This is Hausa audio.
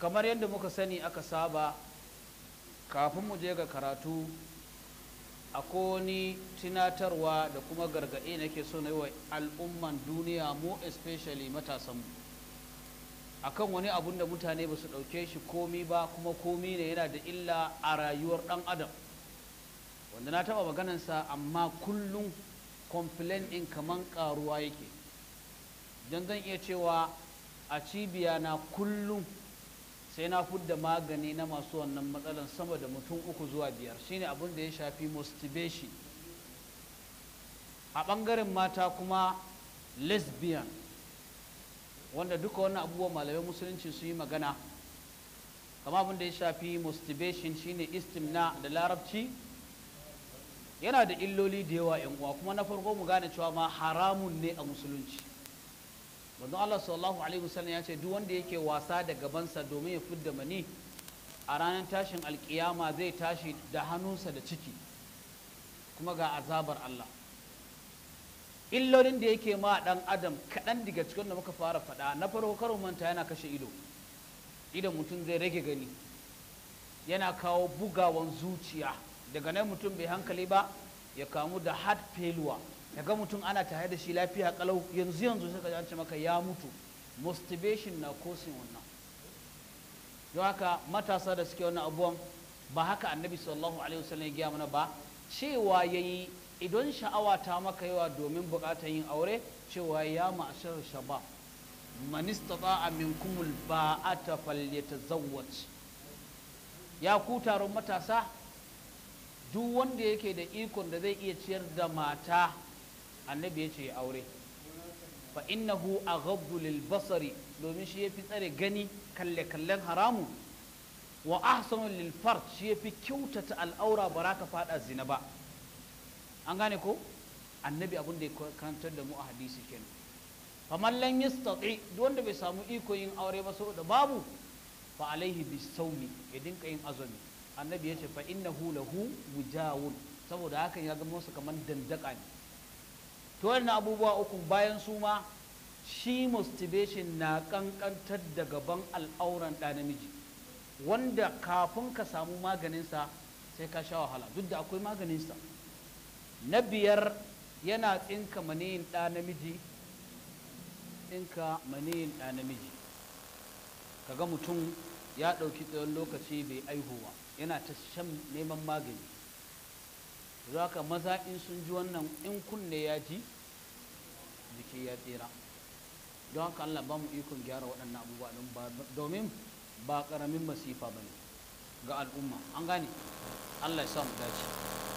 kamar yadda muka sani aka saba kafin mu je ga karatu a koni tunatarwa da kuma gargaɗe nake so na yi wa al'umman duniya mu especially matasanmu a kan wani abun da mutane ba su ɗauke shi komi ba kuma komi ne yana da illa a rayuwar ɗan adam wanda na taɓa maganansa amma kullum complain ɗin kaman ƙaruwa yake don zan iya cewa a cibiya na kullum sai na fudda magani na masu wannan matsalan sama da mutum uku zuwa biyar shine abin da ya shafi masturbation a bangaren mata kuma lesbian wanda duka wannan abubuwan malamai musulunci su yi magana kama abin da ya shafi masturbation shine istimna da larabci yana da illoli da yawa yan uwa kuma na farko mu gane cewa ma haramun ne a musulunci manzon Allah sallallahu alaihi wasallam ya ce duk wanda yake wasa da gabansa domin ya fidda mani a ranar tashin alkiyama zai tashi da hannunsa da ciki kuma ga azabar Allah illolin da yake ma dan adam kaɗan daga cikin da muka fara faɗa na farko karo manta yana kashe ido idan mutum zai rage gani yana kawo bugawan zuciya daga nan mutum bai hankali ba ya kamu da heart failure ya ga mutum ana tare da shi lafiya kalau yanzu yanzu sai ka ji maka ya mutu motivation na kosin wannan don haka matasa da suke wannan abuwan ba haka annabi sallallahu alaihi wasallam ya gaya mana ba cewa yayi idan sha'awa ta maka yawa domin bukatar yin aure cewa ya ma'ashar shabab man istata'a minkum alba'ata falyatazawwaj ya ku taron matasa duk wanda yake da ikon da zai iya ciyar da mata annabi ya ce aure fa innahu aghaddu lil basari domin shi yafi tsare gani kalle kallen haramu wa ahsanu lil farj shi yafi kyautata al'aura ba ka fada zina ba an gane ko annabi abin da ya karantar da mu a hadisi kenan faman lam yastati wanda bai samu iko yin aure ba saboda babu fa alaihi bisawmi ya dinka yin azumi annabi ya ce fa innahu lahu mujawun saboda hakan ya zama masa kamar dandaka ne to wannan abubuwa uku bayan su ma shi masturbation na kankantar da gaban al'auran ɗa namiji wanda kafin ka samu maganinsa sai ka sha wahala duk da akwai maganinsa na biyar yana tsinka maniyin ɗa namiji tsinka maniyin ɗa namiji kaga mutum ya ɗauki tsawon lokaci bai aihuwa yana ta shan neman magani za ka maza in sun ji wannan in kunne ya ji jiki ya tsira don haka Allah ba mu ikon gyara waɗannan abubuwa don ba domin ba ƙaramin masifa ba ne ga al'umma an gane Allah ya sa dace